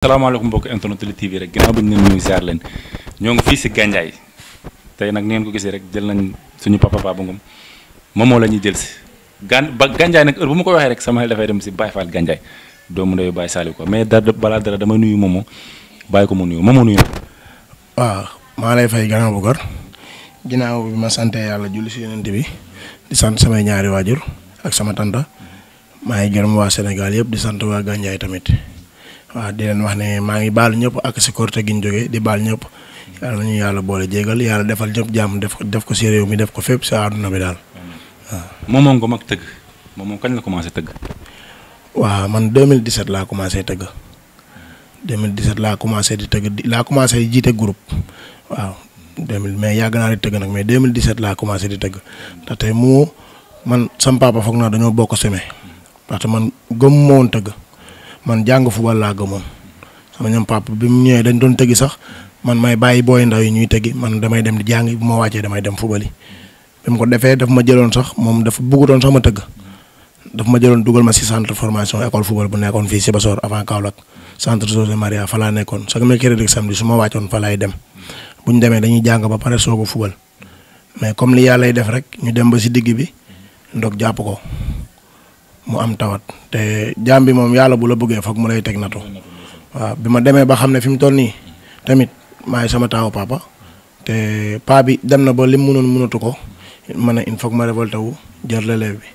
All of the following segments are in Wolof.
salaamaaleykum mbokk internet Lutte TV rek ginnaaw bi ñu leen nuyu ziar leen ñoo ngi fii si Gandiaye tey nag ni ngeen ko gisee rek jël nañ suñu papa Baba Ngom moomoo la ñuy jël si gan ba Gandiaye nag heure bu ma ko waxee rek sama xel dafay dem si Baye Fall Gandiaye doomu ndeyu Baye Saliou ko mais dara balaa dama nuyu moomoo bàyyi ko mu nuyu moomoo nuyu. waaw maa lay fay gànnaaw bu gor ginnaaw bi ma sant yàlla julli si yonent bi di sant samay ñaari waajur ak sama tanta maa ngi gërëm waa Sénégal yëpp di sant waa Gandiaye tamit. waaw di leen wax ne maa ngi baal ñëpp ak si korte gi ñu jógee di baal ñëpp yàlla ñu yàlla boole jégal yàlla defal ñëpp jàmm def ko def ko si réew mi def ko fépp si àdduna bi daal waaw. moom moom ko mag tëgg moom moom kañ la commencé tëgg. waaw man 2017 laa commencé tëgg 2017 laa commencé di tëgg laa commencé jiite groupe waaw 2000 mais yàgg naa di tëgg nag mais 2017 laa commencé di tëgg ndaxte mu man sam papa foog naa dañoo bokk semé parce que man gëm moo tëgg. man jàng football laa gëmoon sama ñoom papa bi mu ñëwee dañ doon tegi sax man may bàyyi booy ndaw yi ñuy tegi man damay dem di jàng bu ma wàccee damay dem football yi bi mu ko defee daf ma jëloon sax moom dafa bëggutoon sax ma tëgg daf ma jëloon dugal ma si centre formation école football bu nekkoon fii Sibassor avant Kaolack centre José Maria fa laa nekkoon chaque mercredi samedi su ma wàccoon fa laay dem bu ñu demee dañuy jàng ba pare soog a football mais comme li yàlla lay def rek ñu dem ba si digg bi ndog jàpp ko mu am tawat te jaam bi moom yàlla bu la bëggee foog mu lay teg natu waaw bi ma demee ba xam ne fi mu toll nii tamit maay sama taawu papa te paa bi dem na ba lim mënoon mënatu ko ma ne il faut ma révolté wu jël relève bi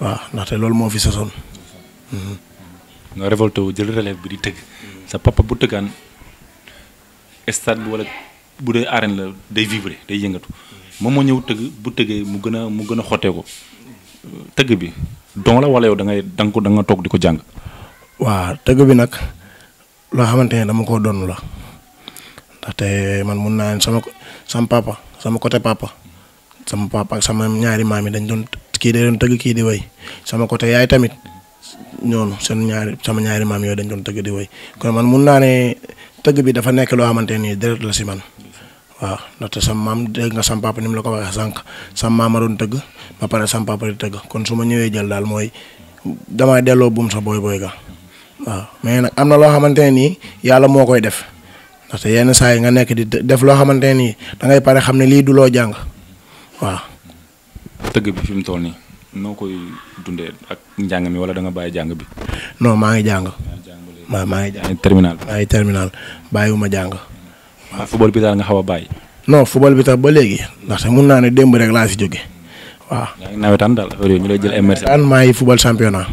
waaw ndaxte loolu moo fi sosoon. Mhm. nga wu jël relève di tëgg sa papa bu tëggaan stade bi wala bu dee arène la day vibrer day yëngatu moom moo ñëw tëgg bu tëggee mu gën a mu gën a xottee ko tëgg bi don la wala yow da ngay nga ko da toog di ko jàng. waaw tëgg bi nag loo xamante ne dama koo doon la ndaxte man mun naa sama sama papa sama côté papa sama papa ak sama ñaari maam yi dañ doon kii day doon tëgg kii di way sama côté yaay tamit ñoonu seen ñaari sama ñaari maam yooyu dañ doon tëgg di way kon man mun naa ne tëgg bi dafa nekk loo xamante nii deret la si man waaw ndaxte sama maam dégg nga sama papa ni mu la ko waxee sànq sama maam a doon tëgg. ba pare sama papa di tëgg kon su ma ñëwee jël daal mooy damaa delloo buum sa booy booy ga waaw mais nag am na loo xamante ne nii yàlla moo koy def ndaxte yenn saa yi nga nekk di def loo xamante ne nii dangay ngay pare xam ne lii du loo jàng waaw. tëgg bi fi mu toll nii noo koy dundee ak njàng mi wala da nga bàyyi jàng bi. non maa ngi jàng. maa maa ngi jàng terminal. maa ngi terminal bàyyiwuma jàng. waaw football bi daal nga xaw a bàyyi. non football bi tax ba léegi ndaxte mun naa ne démb rek laa si jóge waaw. yaa ngi nawetaan daal affaire football championnat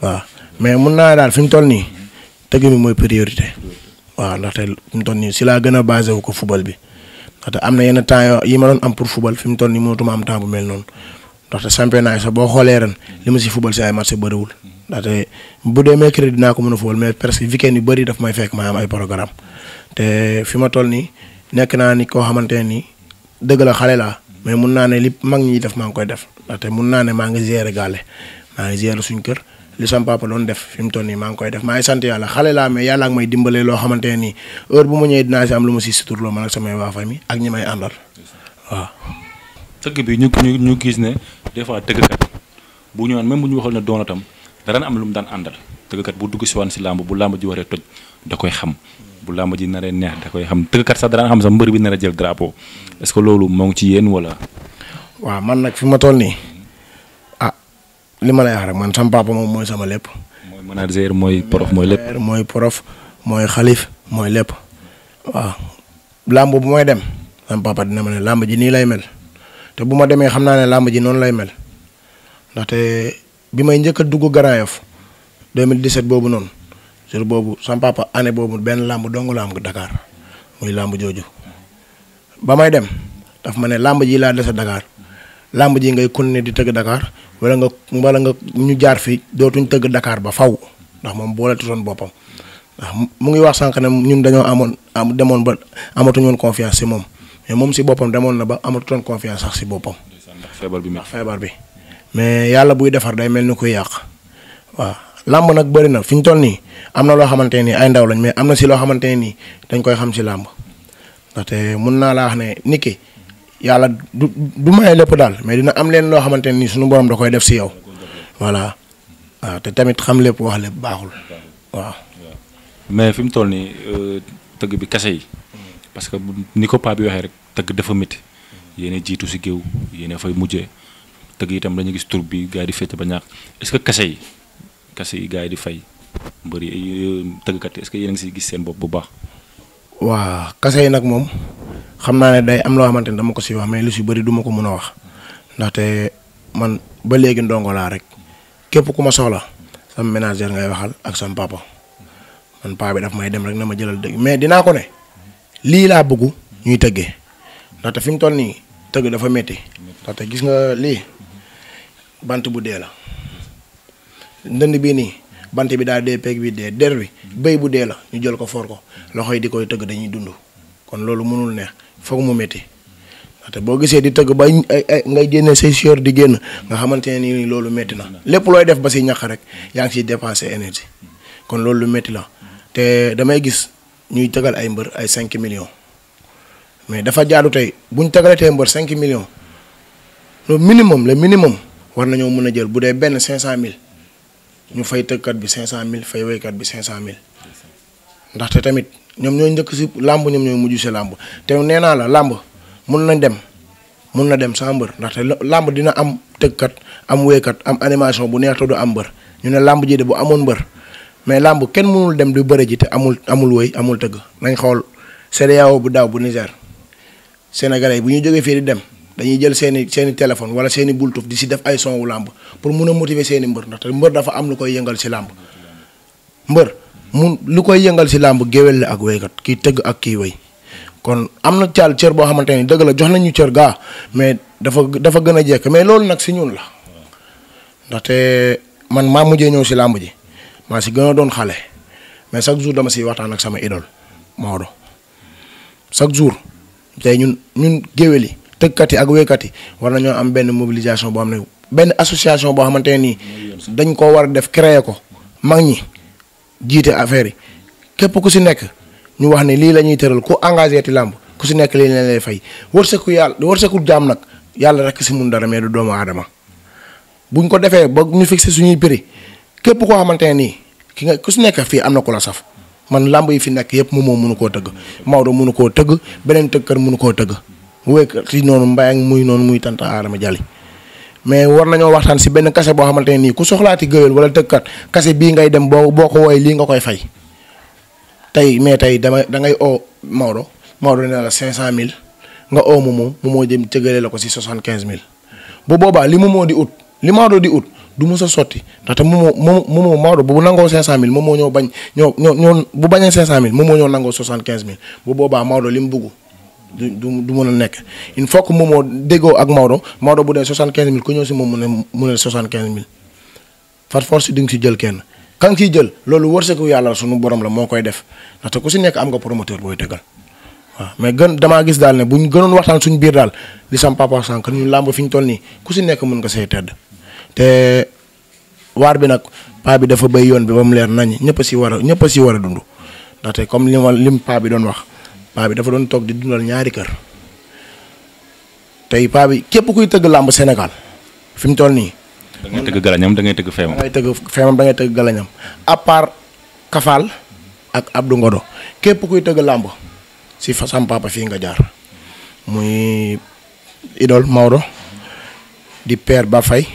waaw mais mun naa daal fi mu toll nii tëgg mi mooy priorité waaw ndaxte fi mu toll nii si laa gën a basé wu ko football bi ndaxte am na yenn temps yoo yi ma doon am pour football fi mu toll nii mënatuma am temps bu mel noonu ndaxte championnat yi sax boo xoolee ren li ma si football si ay match bëriwul ndaxte bu demee crédit dinaa ko mën a football mais presque weekend yu bari daf may fekk may am ay programme te fi ma toll nii nekk naa ni koo xamante ne nii dëgg la xale laa. mais mun naa ne li mag ñi def maa ngi koy def ndaxte mun naa ne maa ngi gérer gàlle maa ngi gérer suñu kër li sama doon def fi mu toll nii maa ngi koy def maa ngi sant yàlla xale laa mais yàlla ak may dimbalee loo xamante ne nii heure bu ma ñëwee dinaa si am lu ma si suturloo man ak samay waa famille ak ñi may àndal waaw. tëgg bi ñu ñu ñu gis ne des fois tëggkat bu ñëwaan même bu ñu waxal ne doonatam daan am lu mu daan àndal tëggkat bu dugg si waan si làmb bu làmb ji waree toj da koy xam bu làmb ji naree neex da koy xam tëggkat sax daan xam sax mbër bi nar a jël drapeau est-ce que loolu moo ci yéen wala. waaw man nag fi ma toll nii ah li ma lay wax rek man sama papa moom mooy sama lépp. mooy manager mooy prof mooy lépp mooy prof mooy xalif mooy lépp waaw. làmb bu may dem sama papa dina ma ne làmb ji nii lay mel te bu ma demee xam naa ne làmb ji noonu lay mel ndaxte bi may njëkk a dugg Grand Yoff 2017 boobu noonu. jour boobu sama papa boobu benn làmb dong la am dakaar muy làmb jooju ba may dem daf ma ne làmb ji laa dese Dakar làmb ji ngay continuer di tëgg dakaar wala nga wala nga ñu jaar fi dootuñ tëgg Dakar ba faw ndax moom booletu doon boppam mu ngi wax sànq ne ñun dañoo amoon am demoon ba amatuñu woon confiance si moom mais moom si boppam demoon na ba amatutoon confiance sax si boppam. feebar bi feebar bi mais yàlla buy defar day mel ni kuy yàq waaw. làmb nag bëri na fi ñu toll nii am na loo xamante ne nii ay ndaw lañ mais am na si loo xamante ne nii dañ koy xam si làmb ndaxte mun naa laa wax ne nit ki yàlla du du maye lépp daal mais dina am leen loo xamante ne nii suñu borom da koy def si yow voilà waaw te tamit xam lépp wax lépp baaxul waaw. mais fi mu toll nii euh, tëgg bi kase yi. parce que ni ko paa bi waxee rek tëgg dafa métti. yéen jiitu si géew yéen fay mujjee tëgg itam lañu gis tur bi gars yi di féete ba ñaax est kese yi. kase yi yi di fay mbëri tëggkat yi est-ce que yéen ngi si gis seen bopp bu baax. waa kase yi nag moom xam naa ne day am loo xamante ne dama ko si wax mais lu si bëri duma ko mun a wax ndaxte man ba léegi ndongo laa rek képp ku ma soxla sama ménagère ngay waxal ak sama papa man paa bi daf may dem rek na ma jëlal dëgg mais dinaa ko ne lii laa bëgg ñuy tëggee ndaxte fi mu toll nii tëgg dafa metti ndaxte gis nga lii bant bu dee la. ndënd bii nii bant bi daal dee peeg bi dee der bi béy bu dee la ñu jël ko foor ko loxo yi di koy tëgg dañuy dund kon loolu mënul neex foog mu métti ndaxte boo gisee di tëgg ba ay ngay génne di génn nga xamante ne nii loolu métti na lépp looy def ba si ñàkk rek yaa ngi siy dépensé énergie kon loolu lu métti la te damay gis ñuy tëgal ay mbër ay cinq millions mais dafa jaadu tey bu ñu tëgalatee mbër 5 millions le minimum le minimum war nañoo mën a jël bu dee benn cinq 500000. ñu fay tëggkat bi cent mille fay waykat bi cent 500000 ndaxte tamit ñoom ñooy njëkk si làmb ñoom ñooy mujj si làmb te nee naa la làmb mun nañ dem mun na dem sans mbër ndaxte làmb dina am tëggkat am waykat am animation bu neex te du am mbër ñu ne làmb ji de bu amoon mbër mais làmb kenn mënul dem du bëre ji te amul amul woy amul tëgg nañ xool CEDEAO bu daaw bu Niger sénégalais bu ñu jógee fii di dem. dañuy jël seen seeni seen i téléphone wala seen i di si def ay son làmb pour mun a motiver seen i mbër ndaxte mbër dafa am lu koy yëngal si làmb mbër mun lu koy yëngal si làmb géwél la ak wéykat kii tëgg ak kii wéy kon am na caal cër boo xamante ni dëgg la jox nañu cër gaa mais dafa dafa gën a jekk mais loolu nag si ñun la ndaxte man maa mujjee ñëw si làmb ji maa si gën a doon xale mais chaque jour dama siy waxtaan ak sama idole Maodo chaque jour tey ñun ñun géwél yi tëggkat yi ak wéykat yi war ñoo am benn mobilisation boo xam ne benn association boo xamante ne nii dañ koo war a def créer ko mag ñi jiite affaire yi képp ku si nekk ñu wax ne lii la ñuy tëral ku engagé ti làmb ku si nekk lii lañ lay fay wërsëku yàlla wërsëku jaam nag yàlla rek si mun dara mais du doomu aadama buñ ko defee ba ñu si suñuy prix képp koo xamante ne nii ki nga ku si nekk fii am na ko la saf man làmb yi fi nekk yëpp moom moo mënu koo tëgg Maodo munu koo tëgg beneen tëggkat mënu koo tëgg. wékk xii noonu mbayang muy noonu muy tanta aadama jali mais war nañoo waxtaan si benn kase boo xamante ne nii ku soxlaati gëwél wala tëkkat kase bii ngay dem boo boo ko wooyee lii nga koy fay tey mais tey dama da ngay oo Maodo Maodo ne la cinq cent mille nga oo Momo Momo jëm cëgale la ko si soixante quinze mille bu boobaa li Momo di di ut du mës a sotti ndaxte Momo Momo Maodo bu nangoo cinq cent mille Momo ñoo bañ ñoo ñoo ñoo bu bañee cinq cent mille Momo ñoo nangoo soixante quinze mille bu boobaa Maodo li mu bugg du du mën a nekk il faut que moomoo déggoo ak Maodo Maodo bu dee soixante quinze mille ku ñëw si moom mu ne mu ne soixante quinze mille far force di nga si jël kenn kan kiy jël loolu wërsëgu yàlla sunu borom la moo koy def ndaxte ku si nekk am nga promoteur booy dëggal waaw mais gën damaa gis daal ne bu ñu gënoon waxtaan suñu biir daal li sam papa sànq ñu làmb fi ñu toll nii ku si nekk mun nga say tedd te waar bi nag paa bi dafa béy yoon bi ba mu leer nañ ñëpp si war a ñëpp si war a dund ndaxte comme li ma lim paa bi doon wax. paa bi dafa doon toog di dundal ñaari kër tey paa bi képp kuy tëgg làmb senegal fi mu toll nii. da ngay tëgg galañam da ngay tëgg feemam. da ngay tëgg feemam da ngay tëgg galañam à part Kafaal ak Abdou Ngodo képp kuy tëgg làmb si fa sam papa fii nga jaar muy Idole Maodo di Père Ba Faye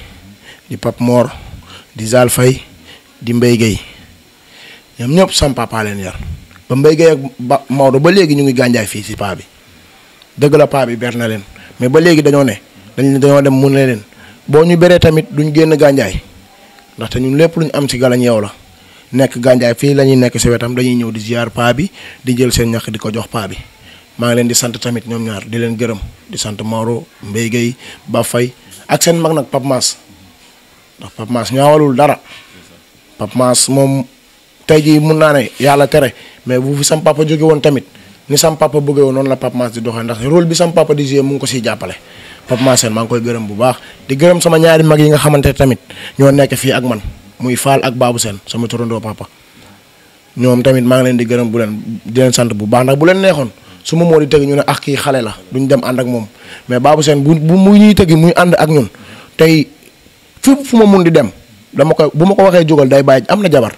di Pape Mor di Zal Faye di Mbaye Guèye ñoom ñëpp sam yar. ba Mbaye Gueye ak ba Maodo ba léegi ñu ngi gànjaay fii si paa bi dëgg la paa bi ber na leen mais ba léegi dañoo ne dañ dañoo dem mun ne leen boo ñu beree tamit duñ génn gànjaay ndaxte ñun lépp lu ñu am si galañ yow la nekk gànjaay fii la ñuy nekk si wetam dañuy ñëw di ziar paa bi di jël seen ñax di ko jox paa bi maa ngi leen di sant tamit ñoom ñaar di leen gërëm di sant Maodo Mbaye Gueye Ba Faye ak seen mag nag Pape Mass ndax Pape Mass ñaawalul dara Pape Mass moom. tey jii mun naa ne yàlla tere mais bu fi sam papa jóge woon tamit ni sam papa bëggee woon noonu la Pape Mass di doxee ndax rôle bi sam papa di jouer mu ngi ko siy jàppale Pape Mass maa ngi koy gërëm bu baax di gërëm sama ñaari mag yi nga xamante tamit ñoo nekk fii ak man muy Fall ak Babou seen sama turandoo papa ñoom tamit maa ngi leen di gërëm bu leen di leen sant bu baax ndax bu leen neexoon su ma moo di tëgg ñu ne ak ah, kii xale la duñ dem ànd ak moom mais Babou Sène bu bu muy ñuy tëgg muy ànd ak ñun tey fu fu ma mun di dem dama koy bu ma ko waxee jógal day bàyyi am na jabar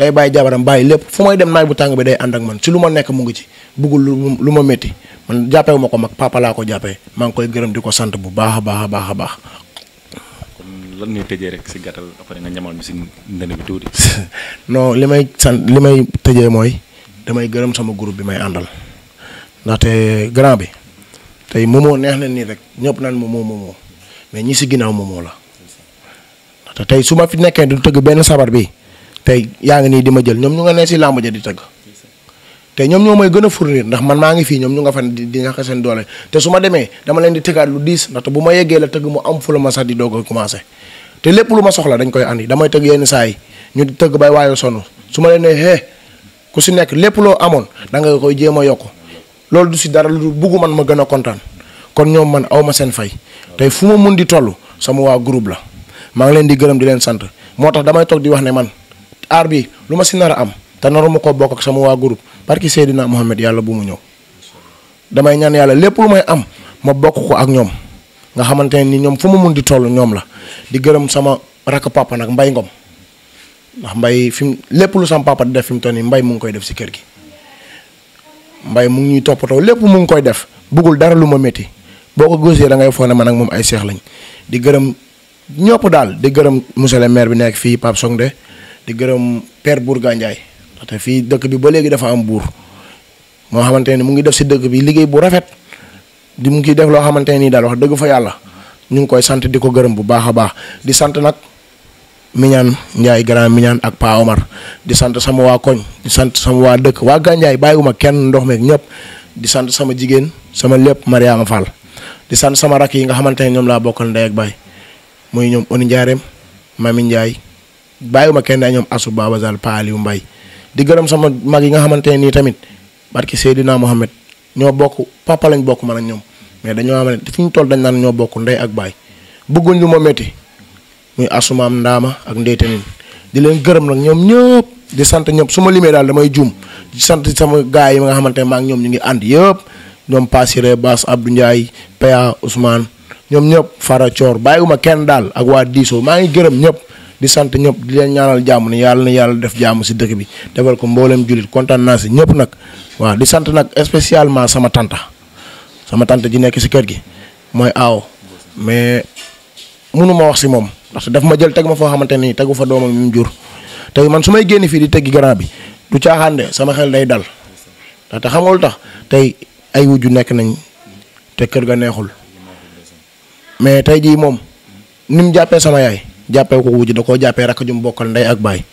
day bàyyi jabaram bàyyi lépp fu may dem naaj bu tàng bi day ànd ak man si lu ma nekk mu ngi ci bëggul lu ma métti man jàppewu ma ko mag papa ko jàppee maa ngi koy gërëm di ko sant bu baax a baax a baax a baax. kon lan ñuy tëjee rek si gàttal après nga ñamal mi si ndënd bi tuuti. non li may sant li may tëjee mooy damay gërëm sama groupe bi may àndal ndaxte grand bi tey moomoo neex na nii rek ñëpp naan moomoo moomoo mais ñii si ginnaaw moomoo la ndaxte tey su ma fi nekkee du tëgg benn sabar bi. tey yaa ngi nii di ma jël ñoom ñu nga ne si làmb ja di tëgg te ñoom ñoo may gën a fournir ndax man maa ngi fii ñoom ñu nga fan di di ñàkk seen doole te su ma demee dama leen di tëggaat diis ndaxte bu ma yeggee la tëgg am fu la ma sax di doog a te lépp lu ma soxla dañ koy andi damay tëgg yenn saa yi ñu di tëgg bay waayo sonn su ma leen ne ku si nekk lépp loo amoon da nga koy jéem a yokk loolu du si dara lu bugg man ma gën a kontaan kon ñoom man awma seen fay tey fu ma mun di toll sama waa groupe la maa ngi leen di gërëm di leen sant moo tax damay toog di wax ne man aar bi lu ma si nar a am te naru ma koo bokk ak sama waa groupe barki Seydina Mohamed yàlla bu mu ñëw damay ñaan yàlla lépp lu may am ma bokk ko ak ñoom nga xamante ne ni ñoom fu mu mun di toll ñoom la di gërëm sama rakk papa nag mbay ngom ndax mbay fi mu lépp lu sama papa di def fi mu toll nii mbay mu ngi koy def si kër gi mbay mu ngi ñuy toppatoo lépp mu ngi koy def bëggul dara lu ma métti boo ko gosee da ngay foog ne man ak moom ay seex lañ di gërëm ñëpp daal di gërëm monsieur le maire bi nekk fii Pape Songde di gërëm per buur Bourga Ndiaye ndaxte fii dëkk bi ba léegi dafa am buur moo xamante ne mu ngi def si dëkk bi liggéey bu rafet di mu ngi def loo xamante ne nii daal wax dëgg fa yàlla ñu ngi koy sant di ko gërëm bu baax a baax di sant nag Mignane Ndiaye grand Mignane ak Pa di sant sama waa koñ di sant sama waa dëkk waa Gandiaye bàyyiwuma kenn ndox meeg ñëpp di sant sama jigéen sama lépp Mariama Fall di sant sama rakk yi nga xamante ne ñoom laa bokkal ndey ak baay muy ñoom Oni Ndiarème Mami Ndiaye bàyyiwuma kenn daal ñoom asu babazal paaliw mbay di gërëm sama mag yi nga xamante ne nii tamit barki Seydina Mohamed ñoo bokk papa lañ bokk ñoom mais dañoo xam ñu toll dañ naan ñoo bokk ndey ak baay bëgguñ lu ma métti muy asumaam ndaama ak ndey di leen gërëm nag ñoom di sant ñëpp su ma damay juum sant sama gaay yi nga xamante ne maa ak ñoom ñu ngi ànd yëpp ñoom Passiré Bass Abdou Ndiaye Pa Ousmane ñoom ñëpp Fara Thior bàyyiwuma kenn daal ak waa Diso maa ngi gërëm ñëpp. di sant ñëpp di leen ñaanal jàmm ne yàlla na yàlla def jàmm si dëkk bi defal ko mbooleem jullit kontaan naa si ñëpp nag waaw di sant nag spécialement sama tante sama tante ji nekk si kër gi mooy aaw mais mënu ma wax si moom ndax daf ma jël teg ma foo xamante nii tegu fa doomam mu jur tey man su may génn fii di teggi garant bi du caaxaan de sama xel day dal te xamul tax tey ay wujju nekk nañ te kër ga neexul mais tey jii moom ni mu jàppee sama yaay jàppee ko wujj da koo jàppee rakk jum bokkal ndey ak baay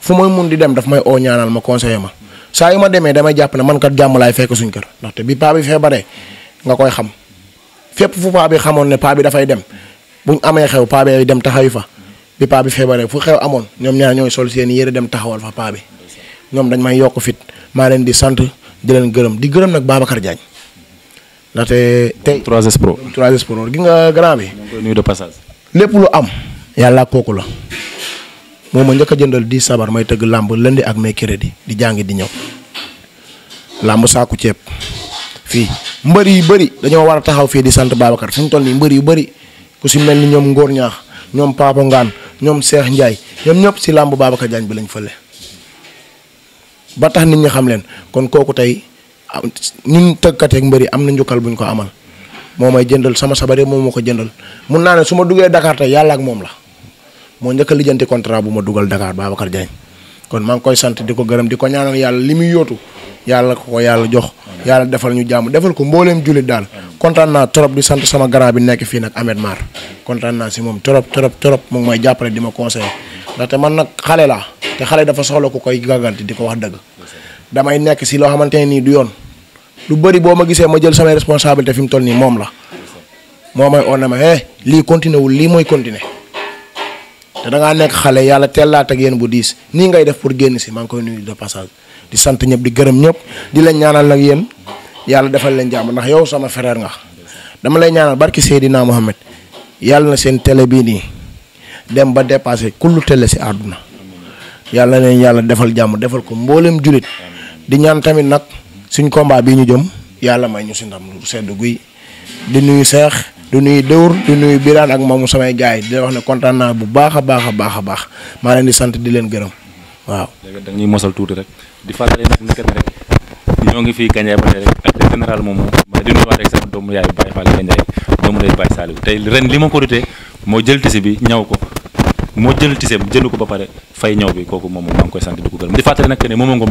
fu may mun di dem daf may oo ñaanal ma conseiller ma saa yu ma demee damay jàpp ne man kat jàmm laay fekk suñ kër ndaxte bi paa bi feebaree nga koy xam fépp fu paa bi xamoon ne paa bi dafay dem bu ñu amee xew paa dem taxawi fa bi paa bi feebaree fu xew amoon ñoom ñaar ñooy sol seen yére dem taxawal fa paa bi ñoom dañ may yokk fit maa leen di sant di leen gërëm di gërëm nag Babacar Diagne ndaxte tey 3S Pro gi nga grand bi. nuyu de passage. lu am. yàlla kooku la moom ma njëkk jëndal di sabar may tëgg làmb lundi ak mercredi di jàngi di ñëw làmb saaku ceeb fii mbër yu bëri dañoo war a taxaw fii di sant Babacar suñ mu toll nii mbër yu bëri ku si mel ni ñoom Ngor ñaax ñoom Papa Ngaan ñoom seex Ndiaye ñoom ñëpp si làmb Babacar Diagne bi lañ fële ba tax nit ñi xam leen kon kooku tey ñun tëggkat ak mbër yi am na njukkal buñ ko amal moo may jëndal sama sabare moom moo ko jëndal mun naa ne duggee Dakar yàlla ak moom la. moo njëkk a lijjanti contrat bu ma dugal Dakar Babacar Diagne kon maa ngi koy sant di ko gërëm di ko ñaanal yàlla li muy yootu yàlla ko ko yàlla jox yàlla defal ñu jàmm defal ko mbooleem jullit daal kontaan naa trop di sant sama grand bi nekk fii nag Ahmed Mar kontaan naa si moom trop trop trop moom ngi may jàppale di ma conseillé ndaxte man nag xale laa te xale dafa soxla ku koy gàgganti di ko wax dëgg damay nekk si loo xamante ne nii du yoon lu bari boo ma gisee ma jël samay responsabilité fi mu toll nii moom la moo ma eh lii continué wul lii mooy continué te da ngaa nekk xale yàlla teel laa teg yéen bu diis nii ngay def pour génn si maa ngi koy nuyu de di sant ñëpp di gërëm ñëpp di leen ñaanal nag yéen yàlla defal leen jàmm ndax yow sama frère nga dama lay ñaanal barki Seydina Mohamed yàlla na seen tele bii nii dem ba dépassé kullu tele si àdduna yàlla na leen yàlla defal jàmm defal ko mbooleem julit di ñaan tamit nag suñ kombaa bii ñu jëm yàlla may ñu si ndam lu sedd guy di nuyu seex du nuyu Dóor du nuyu Birane ak moomu samay gars yi di wax ne kontaan bu baax a baax a baax baax maa leen di sant di leen gërëm waaw. léegi da ñuy mosal tuuti rek di fàttali nag nekkat rek ñoo ngi fii Gandiaye ba rek ak moom ma di nuyuwaat rek sama doomu yaay Baye Fall Gandiaye doomu lay Baye Saliou tey ren li ma ko dutee moo jël tisi bi ñaw ko. moo jël tiseem jëlu ko ba pare fay ñëw bi kooku moom maa ngi koy sant ko gërëm di fàttali nag que moom ngoom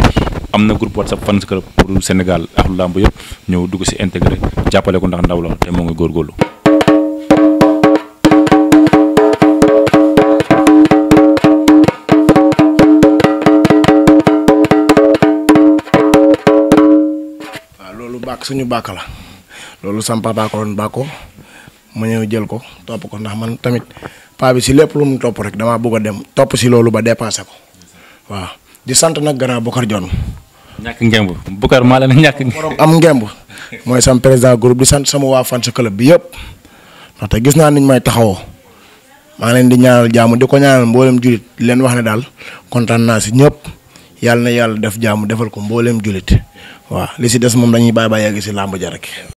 am na groupe whatsapp fans club pour Sénégal ak lamb yëpp ñëw dugg si intégré jàppale ko ndax ndaw la te moo ngi góorgóorlu. suñu bàkk la loolu sam papa ko doon bàkko ma ñëw jël ko topp ko ndax man tamit paa si lépp lu mu topp rek damaa bëgg a dem topp si loolu ba dépassé ko waaw di sant nag grand Bokar Dione. ñàkk ngemb Bokar maa leen ñàkk. borom am ngemb mooy sam président groupe di sant sama waa fan sa club bi yëpp ndaxte gis naa niñ may taxawoo maa leen di ñaanal jaamu di ko ñaanal mboolem julit leen wax ne daal kontaan naa si ñëpp yàlla na yàlla def jaamu defal ko mbooleem julit waaw li si des moom dañuy bàyyi ba yegg si làmb ja rek.